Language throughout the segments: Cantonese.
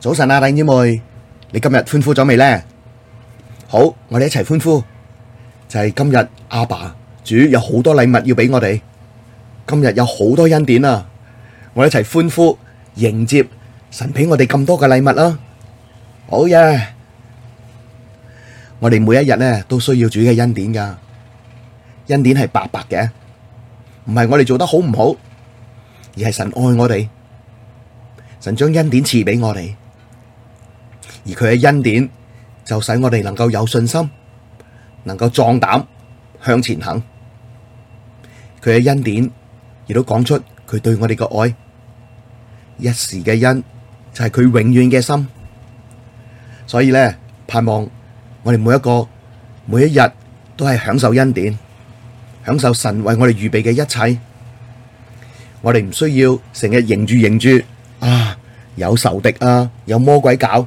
早晨啊，弟姐妹，你今日歡呼咗未咧？好，我哋一齊歡呼，就係今日阿爸主有好多禮物要俾我哋，今日有好多恩典啊！我哋一齊歡呼，迎接神俾我哋咁多嘅禮物啦！好嘢，我哋每一日咧都需要主嘅恩典噶，恩典係白白嘅，唔係我哋做得好唔好，而係神愛我哋，神將恩典賜俾我哋。而佢嘅恩典就使我哋能夠有信心，能夠壯膽向前行。佢嘅恩典亦都講出佢對我哋嘅愛。一時嘅恩就係佢永遠嘅心。所以咧，盼望我哋每一個每一日都係享受恩典，享受神為我哋預備嘅一切。我哋唔需要成日認住認住啊，有仇敵啊，有魔鬼搞。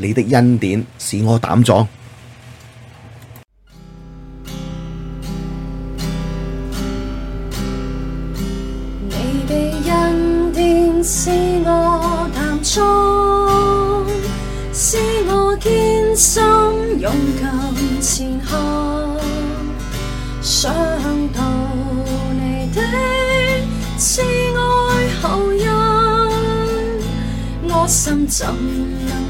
祢的恩典使我膽壯，祢的恩典使我膽壯，使我堅心勇敢前行。想到祢的慈愛厚恩，我心怎能。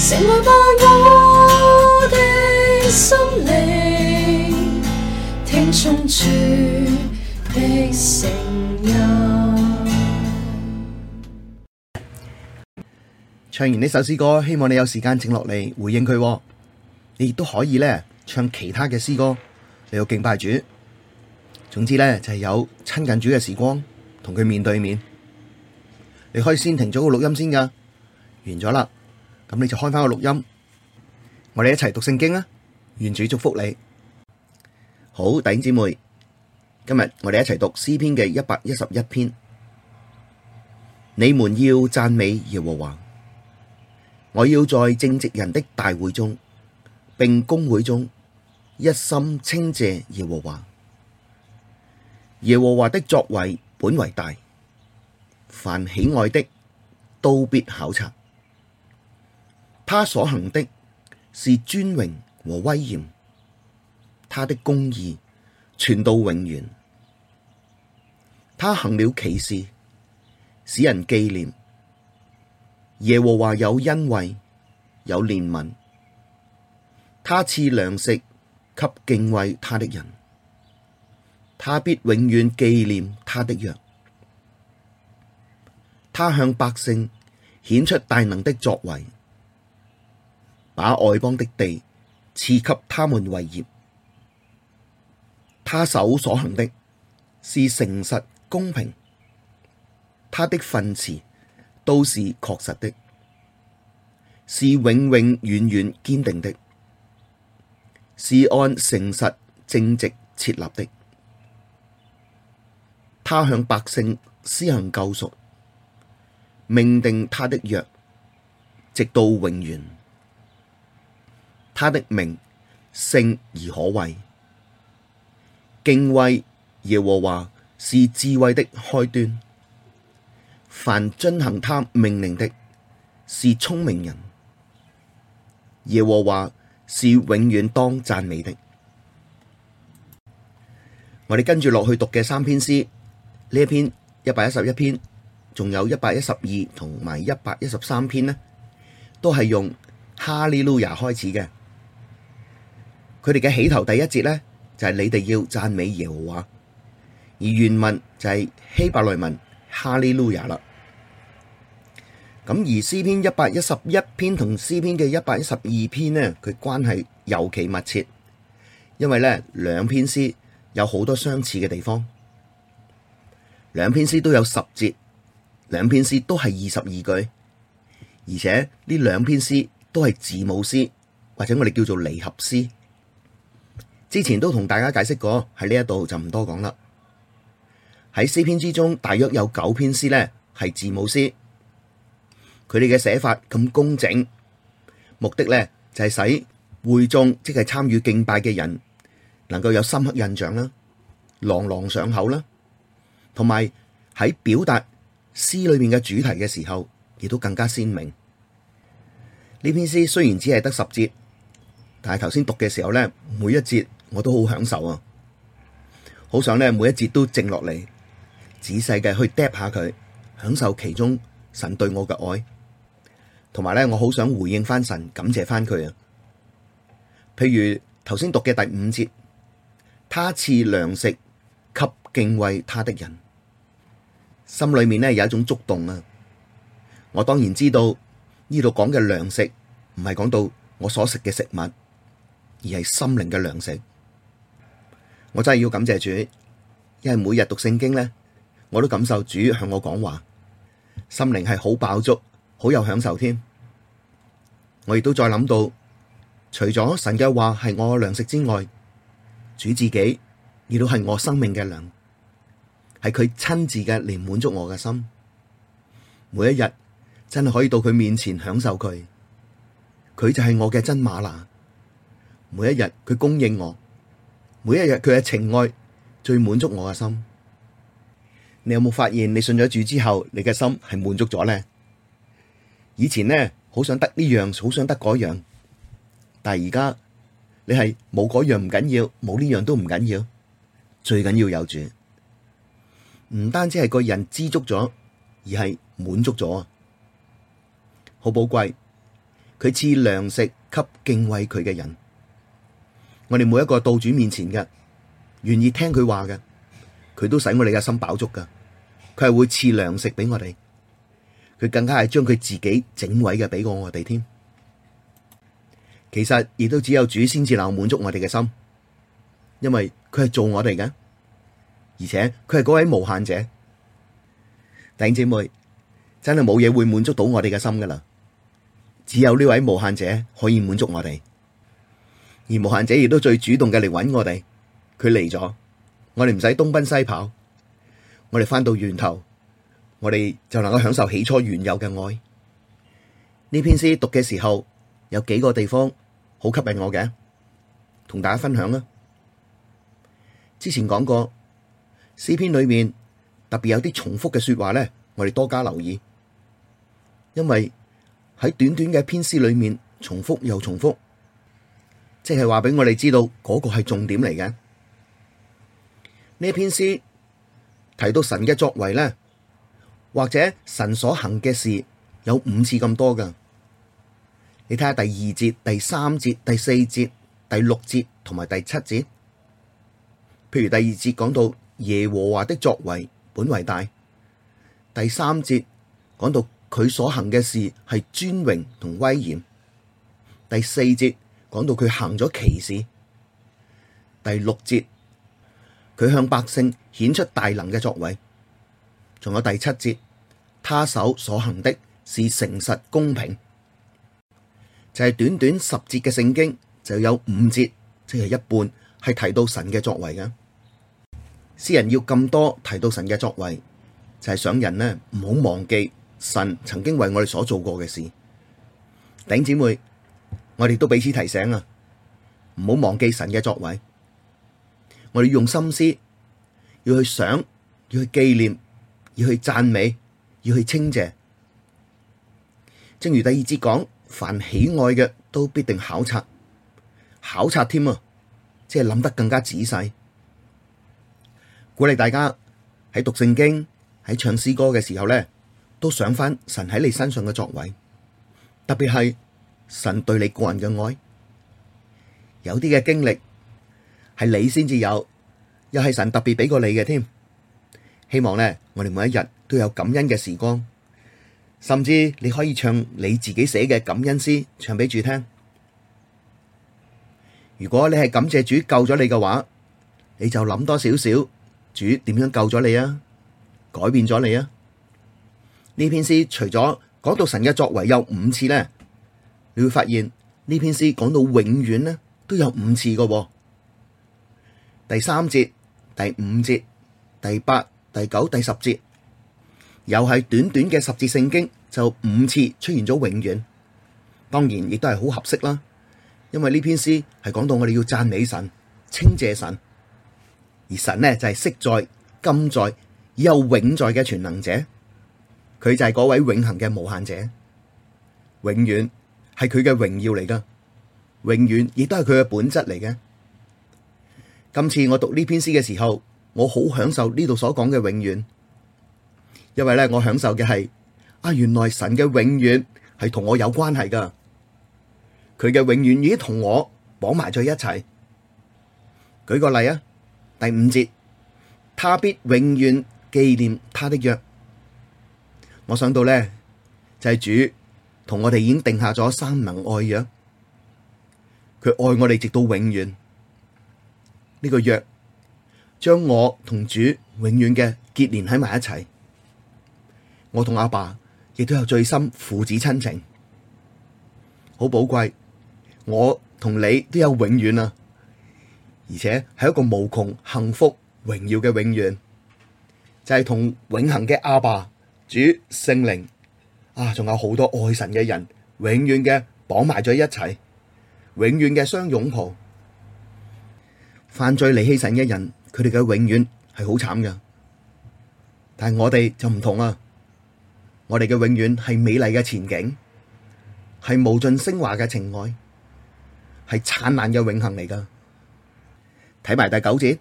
醒來罷，我的心靈聽從主的聲音。唱完呢首詩歌，希望你有時間靜落嚟回應佢喎。你亦都可以咧唱其他嘅詩歌嚟到敬拜主。總之咧就係有親近主嘅時光，同佢面對面。你可以先停咗個錄音先㗎，完咗啦。咁你就開翻個錄音，我哋一齊讀聖經啊！願主祝福你。好，弟兄姊妹，今日我哋一齊讀詩篇嘅一百一十一篇。你們要讚美耶和華，我要在正直人的大會中，並公會中，一心稱謝耶和華。耶和華的作為本為大，凡喜愛的都必考察。他所行的是尊榮和威嚴，他的公義存到永遠。他行了奇事，使人紀念。耶和華有恩惠，有憐憫，他賜糧食給敬畏他的人，他必永遠紀念他的約。他向百姓顯出大能的作為。把外邦的地賜給他們為業，他手所行的是誠實公平，他的訓詞都是確實的，是永永遠遠堅定的，是按誠實正直設立的。他向百姓施行救贖，命定他的約，直到永遠。他的名聖而可畏，敬畏耶和華是智慧的開端。凡遵行他命令的，是聰明人。耶和華是永遠當讚美的。我哋跟住落去讀嘅三篇詩，呢一篇一百一十一篇，仲有一百一十二同埋一百一十三篇呢，都係用哈利路亞開始嘅。佢哋嘅起頭第一節呢，就係你哋要讚美耶和華，而原文就係希伯來文哈利路亞啦。咁 Hallelujah! 而詩篇一百一十一篇同詩篇嘅一百一十二篇呢，佢關係尤其密切，因為呢兩篇詩有好多相似嘅地方，兩篇詩都有十節，兩篇詩都係二十二句，而且呢兩篇詩都係字母詩或者我哋叫做離合詩。之前都同大家解釋過，喺呢一度就唔多講啦。喺詩篇之中，大約有九篇詩呢係字母詩，佢哋嘅寫法咁工整，目的呢就係、是、使會眾即係參與敬拜嘅人能夠有深刻印象啦，朗朗上口啦，同埋喺表達詩裏面嘅主題嘅時候，亦都更加鮮明。呢篇詩雖然只係得十節，但係頭先讀嘅時候呢，每一節。我都好享受啊！好想咧每一節都靜落嚟，仔細嘅去嗒下佢，享受其中神對我嘅愛，同埋咧我好想回應翻神，感謝翻佢啊！譬如頭先讀嘅第五節，他賜糧食給敬畏他的人，心裏面咧有一種觸動啊！我當然知道呢度講嘅糧食唔係講到我所食嘅食物，而係心靈嘅糧食。我真係要感謝主，因為每日讀聖經呢，我都感受主向我講話，心靈係好飽足，好有享受添。我亦都再諗到，除咗神嘅話係我糧食之外，主自己亦都係我生命嘅糧，係佢親自嘅嚟滿足我嘅心。每一日真係可以到佢面前享受佢，佢就係我嘅真嗎哪。每一日佢供應我。每一日佢嘅情愛最滿足我嘅心，你有冇發現你信咗主之後，你嘅心係滿足咗呢？以前呢，好想得呢樣，好想得嗰樣，但係而家你係冇嗰樣唔緊要，冇呢樣都唔緊要，最緊要有主。唔單止係個人知足咗，而係滿足咗啊！好寶貴，佢賜糧食給敬畏佢嘅人。我哋每一個到主面前嘅，願意聽佢話嘅，佢都使我哋嘅心飽足噶，佢係會賜糧食俾我哋，佢更加係將佢自己整位嘅俾過我哋添。其實亦都只有主先至能夠滿足我哋嘅心，因為佢係做我哋嘅，而且佢係嗰位無限者。弟兄姊妹，真係冇嘢會滿足到我哋嘅心噶啦，只有呢位無限者可以滿足我哋。而無限者亦都最主動嘅嚟揾我哋，佢嚟咗，我哋唔使東奔西跑，我哋翻到源頭，我哋就能夠享受起初原有嘅愛。呢篇詩讀嘅時候，有幾個地方好吸引我嘅，同大家分享啦。之前講過，詩篇裏面特別有啲重複嘅說話咧，我哋多加留意，因為喺短短嘅篇詩裏面，重複又重複。即係話俾我哋知道，嗰個係重點嚟嘅。呢篇詩提到神嘅作為呢，或者神所行嘅事有五次咁多噶你睇下第二節、第三節、第四節、第六節同埋第七節。譬如第二節講到耶和華的作為本為大，第三節講到佢所行嘅事係尊榮同威嚴，第四節。講到佢行咗奇事，第六節佢向百姓顯出大能嘅作為，仲有第七節，他手所行的是誠實公平，就係、是、短短十節嘅聖經就有五節，即、就、係、是、一半係提到神嘅作為嘅。詩人要咁多提到神嘅作為，就係、是、想人呢唔好忘記神曾經為我哋所做過嘅事。頂姐妹。我哋都彼此提醒啊，唔好忘記神嘅作為。我哋要用心思，要去想，要去紀念，要去讚美，要去稱謝。正如第二節講，凡喜愛嘅都必定考察，考察添啊，即係諗得更加仔細。鼓勵大家喺讀聖經、喺唱詩歌嘅時候咧，都想翻神喺你身上嘅作為，特別係。神對你個人嘅愛，有啲嘅經歷係你先至有，又係神特別俾過你嘅添。希望咧，我哋每一日都有感恩嘅時光，甚至你可以唱你自己寫嘅感恩詩唱俾主聽。如果你係感謝主救咗你嘅話，你就諗多少少主點樣救咗你啊，改變咗你啊。呢篇詩除咗講到神嘅作為有五次咧。你會發現呢篇詩講到永遠呢，都有五次嘅。第三節、第五節、第八、第九、第十節，又係短短嘅十節聖經就五次出現咗永遠。當然亦都係好合適啦，因為呢篇詩係講到我哋要讚美神、稱謝神，而神呢就係昔在、今在、又永在嘅全能者，佢就係嗰位永恆嘅無限者，永遠。係佢嘅榮耀嚟噶，永遠亦都係佢嘅本質嚟嘅。今次我讀呢篇詩嘅時候，我好享受呢度所講嘅永遠，因為咧我享受嘅係啊，原來神嘅永遠係同我有關係噶，佢嘅永遠已經同我綁埋咗一齊。舉個例啊，第五節，他必永遠紀念他的約。我想到咧，就係主，同我哋已經定下咗三能愛約，佢愛我哋直到永遠。呢、這個約將我同主永遠嘅結連喺埋一齊。我同阿爸亦都有最深父子親情，好寶貴。我同你都有永遠啊！而且係一個無窮幸福榮耀嘅永遠，就係、是、同永恆嘅阿爸、主、聖靈。啊！仲有好多愛神嘅人，永遠嘅綁埋咗一齊，永遠嘅相擁抱。犯罪離棄神嘅人，佢哋嘅永遠係好慘噶。但係我哋就唔同喇！我哋嘅永遠係美麗嘅前景，係無盡升華嘅情愛，係燦爛嘅永恆嚟噶。睇埋第九節，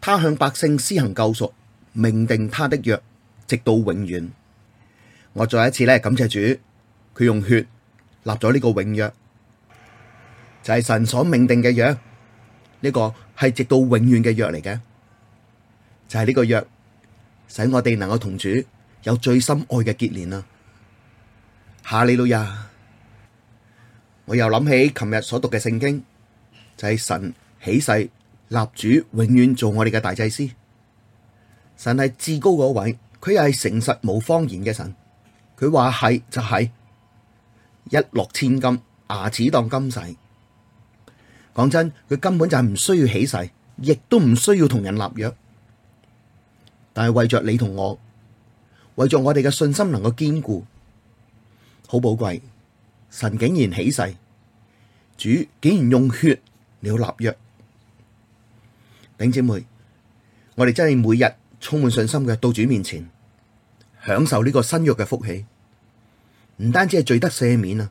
他向百姓施行救贖，命定他的約，直到永遠。我再一次咧感謝主，佢用血立咗呢個永約，就係神所命定嘅約，呢個係直到永遠嘅約嚟嘅，就係呢個約，使我哋能夠同主有最深愛嘅結連啊！哈利路亞！我又諗起琴日所讀嘅聖經，就係神起誓立主永遠做我哋嘅大祭司，神係至高嗰位，佢又係誠實冇謊言嘅神。佢話係就係、是、一諾千金，牙、啊、齒當金使。講真，佢根本就係唔需要起誓，亦都唔需要同人立約。但係為着你同我，為着我哋嘅信心能夠堅固，好寶貴。神竟然起誓，主竟然用血嚟立約。頂姐妹，我哋真係每日充滿信心嘅到主面前。享受呢個新約嘅福氣，唔單止係罪得赦免啊，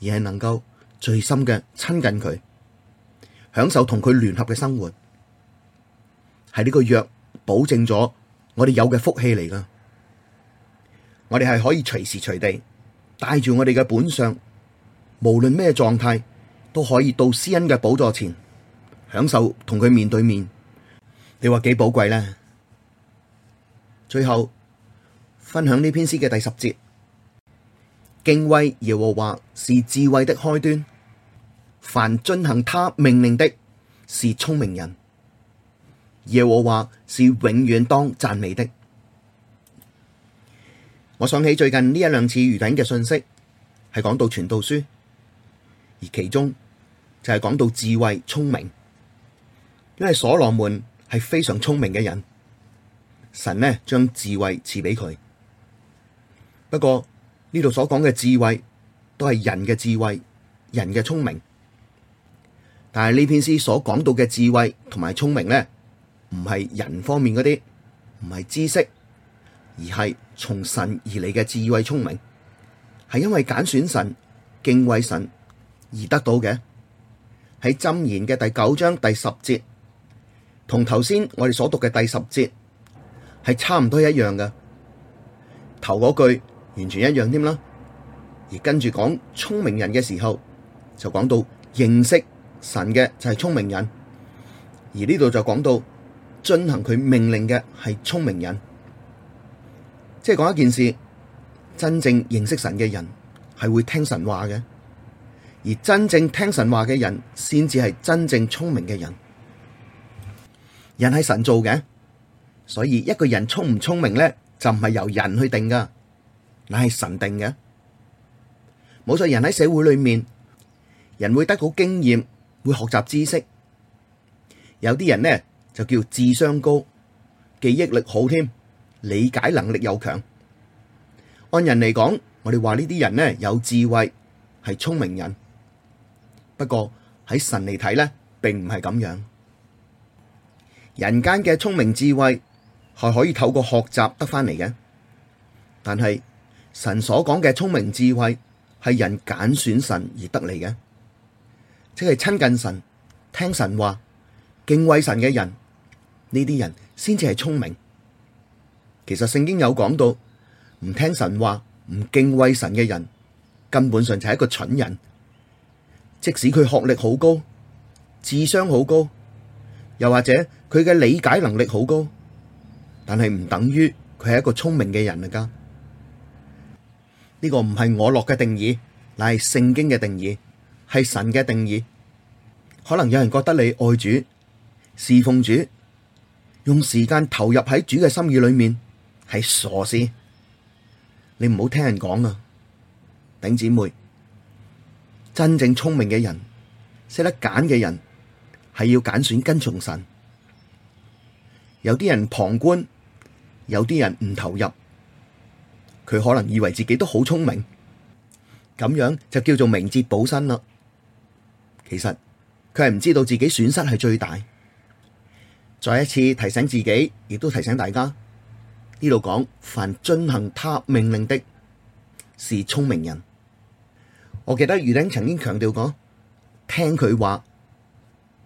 而係能夠最深嘅親近佢，享受同佢聯合嘅生活，係呢個約保證咗我哋有嘅福氣嚟噶。我哋係可以隨時隨地帶住我哋嘅本相，無論咩狀態都可以到施恩嘅寶座前享受同佢面對面。你話幾寶貴咧？最後。分享呢篇詩嘅第十節，敬畏耶和華是智慧的開端，凡遵行他命令的，是聰明人。耶和華是永遠當讚美的。我想起最近呢一兩次魚餅嘅信息，係講到傳道書，而其中就係講到智慧聰明，因為所羅門係非常聰明嘅人，神呢將智慧賜俾佢。不過呢度所講嘅智慧都係人嘅智慧，人嘅聰明。但係呢篇詩所講到嘅智慧同埋聰明呢，唔係人方面嗰啲，唔係知識，而係從神而嚟嘅智慧聰明，係因為揀選神、敬畏神而得到嘅。喺箴言嘅第九章第十節，同頭先我哋所讀嘅第十節係差唔多一樣嘅，頭嗰句。完全一樣添啦，而跟住講聰明人嘅時候，就講到認識神嘅就係聰明人，而呢度就講到遵行佢命令嘅係聰明人，即係講一件事，真正認識神嘅人係會聽神話嘅，而真正聽神話嘅人先至係真正聰明嘅人。人係神做嘅，所以一個人聰唔聰明呢，就唔係由人去定㗎。嗱，係神定嘅。冇錯，人喺社會裏面，人會得到經驗，會學習知識。有啲人呢就叫智商高，記憶力好添，理解能力又強。按人嚟講，我哋話呢啲人呢有智慧，係聰明人。不過喺神嚟睇呢，並唔係咁樣。人間嘅聰明智慧係可以透過學習得返嚟嘅，但係。神所講嘅聰明智慧係人揀選神而得嚟嘅，即係親近神、聽神話、敬畏神嘅人，呢啲人先至係聰明。其實聖經有講到，唔聽神話、唔敬畏神嘅人，根本上就係一個蠢人。即使佢學歷好高、智商好高，又或者佢嘅理解能力好高，但係唔等於佢係一個聰明嘅人嚟噶。呢個唔係我落嘅定義，乃係聖經嘅定義，係神嘅定義。可能有人覺得你愛主、侍奉主，用時間投入喺主嘅心意裏面，係傻事。你唔好聽人講啊！頂姐妹，真正聰明嘅人、識得揀嘅人，係要揀選跟從神。有啲人旁觀，有啲人唔投入。佢可能以為自己都好聰明，咁樣就叫做明哲保身啦。其實佢係唔知道自己損失係最大。再一次提醒自己，亦都提醒大家呢度講，凡遵行他命令的，是聰明人。我記得余丁曾經強調過，聽佢話，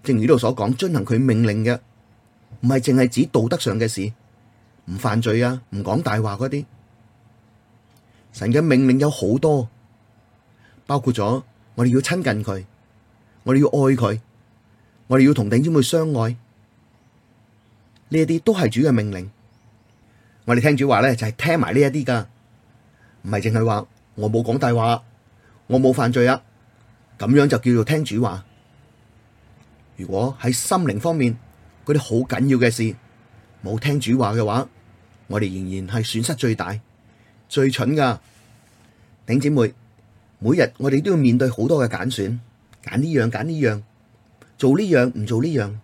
正如呢度所講，遵行佢命令嘅，唔係淨係指道德上嘅事，唔犯罪啊，唔講大話嗰啲。神嘅命令有好多，包括咗我哋要親近佢，我哋要愛佢，我哋要同弟兄妹相愛，呢一啲都係主嘅命令。我哋聽主話咧，就係聽埋呢一啲㗎，唔係淨係話我冇講大話，我冇犯罪啊，咁樣就叫做聽主話。如果喺心靈方面嗰啲好緊要嘅事冇聽主話嘅話，我哋仍然係損失最大。最蠢噶，頂姐妹，每日我哋都要面對好多嘅揀選，揀呢樣揀呢樣，做呢樣唔做呢樣。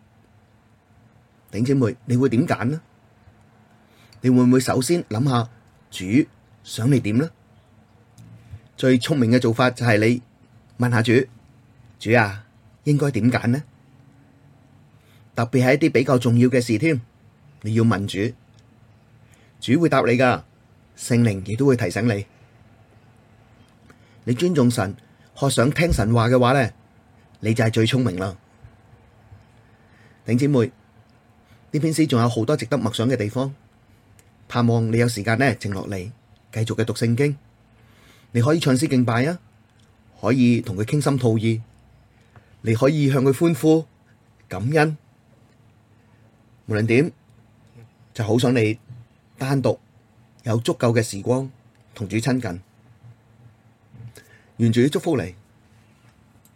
頂姐妹，你會點揀呢？你會唔會首先諗下主想你點呢？最聰明嘅做法就係你問下主，主啊，應該點揀呢？特別係一啲比較重要嘅事添，你要問主，主會答你噶。聖靈亦都會提醒你，你尊重神、學想聽神話嘅話咧，你就係最聰明啦。弟兄姊妹，呢篇詩仲有好多值得默想嘅地方，盼望你有時間咧靜落嚟繼續嘅讀聖經。你可以唱詩敬拜啊，可以同佢傾心吐意，你可以向佢歡呼感恩。無論點，就好想你單獨有足夠嘅時光同主親近，願主祝福你。